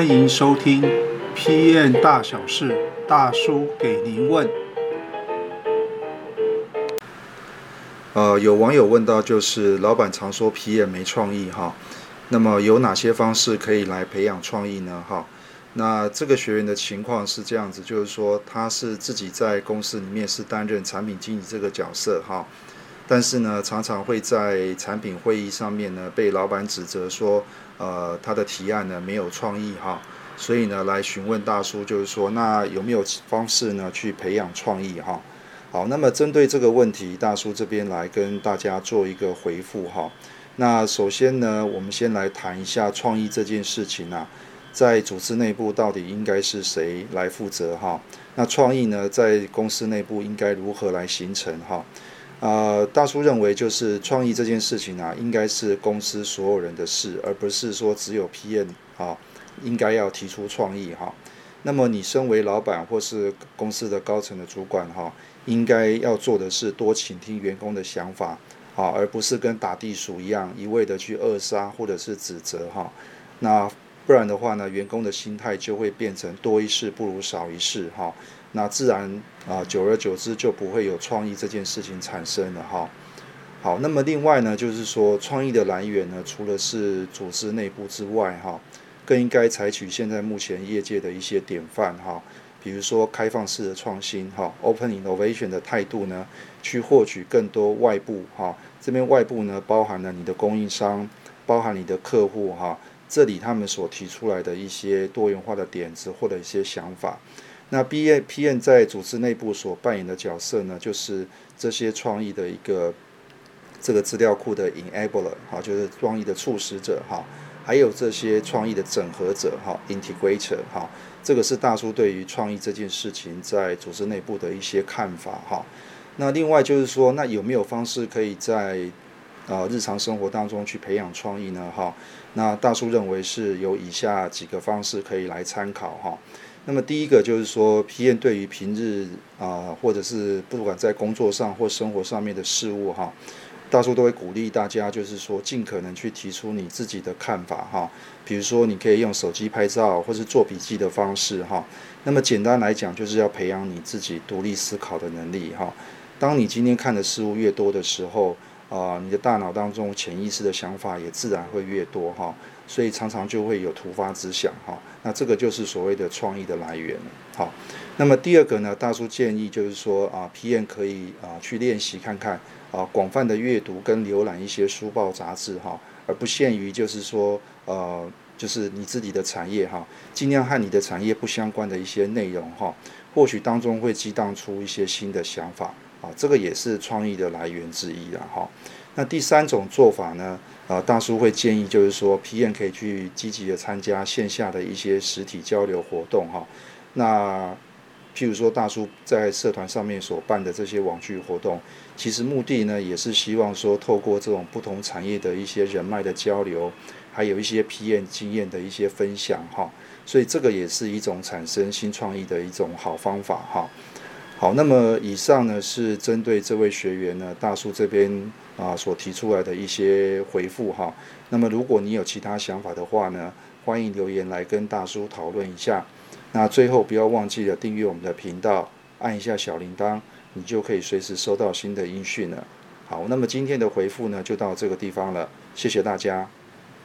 歡迎收聽《PM 大小事》，大叔給您問。呃，有網友問到，就是老闆常說 PM 沒創意哈，那麼有哪些方式可以來培養創意呢？哈,那這個學員的情況是這樣子，就是說他是自己在公司裡面是擔任產品經理這個角色哈。但是呢，常常會在產品會議上面呢，被老闆指責說，呃，他的提案呢沒有創意哈，所以呢來詢問大叔，就是說，那有沒有方式呢去培養創意哈？好，那麼針對這個問題，大叔這邊來跟大家做一個回復哈。那首先呢，我們先來談一下創意這件事情啊，在組織內部到底應該是誰來負責哈？那創意呢，在公司內部應該如何來形成哈？啊、呃，大叔認為就是創意這件事情啊，應該是公司所有人的事，而不是說只有 PM 啊，應該要提出創意哈、啊。那麼你身為老闆或是公司的高層的主管哈、啊，應該要做的是多傾聽員工的想法啊，而不是跟打地鼠一樣一味的去扼殺或者是指責哈、啊。那不然的話呢，員工的心態就會變成多一事不如少一事哈。啊那自然啊，呃，久而久之就不會有創意這件事情產生了哈。好，那麼另外呢，就是說創意的來源呢，除了是組織內部之外哈，更應該採取現在目前業界的一些典範哈，比如說開放式的創新哈 open innovation 的態度呢，去獲取更多外部哈。這邊外部呢，包含了你的供應商，包含你的客戶哈，這裡他們所提出來的一些多元化的點子或者一些想法。那 PM 在組織內部所扮演的角色呢，就是這些創意的一個這個資料庫的 enabler 哈，就是創意的促使者哈，還有這些創意的整合者哈，integrator 哈，這個是大叔對於創意這件事情在組織內部的一些看法哈。那另外就是說，那有沒有方式可以在啊、呃、日常生活當中去培養創意呢哈？那大叔認為是有以下幾個方式可以來參考哈。那麼第一個就是說，PM 對於平日啊、呃，或者是不管在工作上或生活上面的事物哈，大叔都會鼓勵大家，就是說盡可能去提出你自己的看法哈。比如說，你可以用手機拍照或是做筆記的方式哈。那麼簡單來講，就是要培養你自己獨立思考的能力哈。當你今天看的事物越多的時候，啊、呃，你的大腦當中潛意識的想法也自然會越多哈，所以常常就會有突發之想哈。那這個就是所謂的創意的來源。好，那麼第二個呢，大叔建議就是說啊，PM 可以啊去練習看看啊，廣泛的閱讀跟瀏覽一些書報雜誌哈，而不限於就是說呃，就是你自己的產業哈，儘量和你的產業不相關的一些內容哈，或許當中會激盪出一些新的想法。啊，這個也是創意的來源之一啊，哈，那第三種做法呢？啊、呃，大叔會建議就是說，PM 可以去積極的參加線下的一些實體交流活動，啊。哈，那譬如說，大叔在社團上面所辦的這些網聚活動，其實目的呢，也是希望說，透過這種不同產業的一些人脈的交流，還有一些 PM 經驗的一些分享，啊。哈，所以這個也是一種產生新創意的一種好方法，啊。哈。好，那麼以上呢，是針對這位學員呢，大叔這邊啊所提出來的一些回覆哈。那麼如果你有其他想法的話呢，歡迎留言來跟大叔討論一下。那最後不要忘記了訂閱我們的頻道，按一下小鈴鐺，你就可以隨時收到新的音訊了。好，那麼今天的回覆呢就到這個地方了，謝謝大家。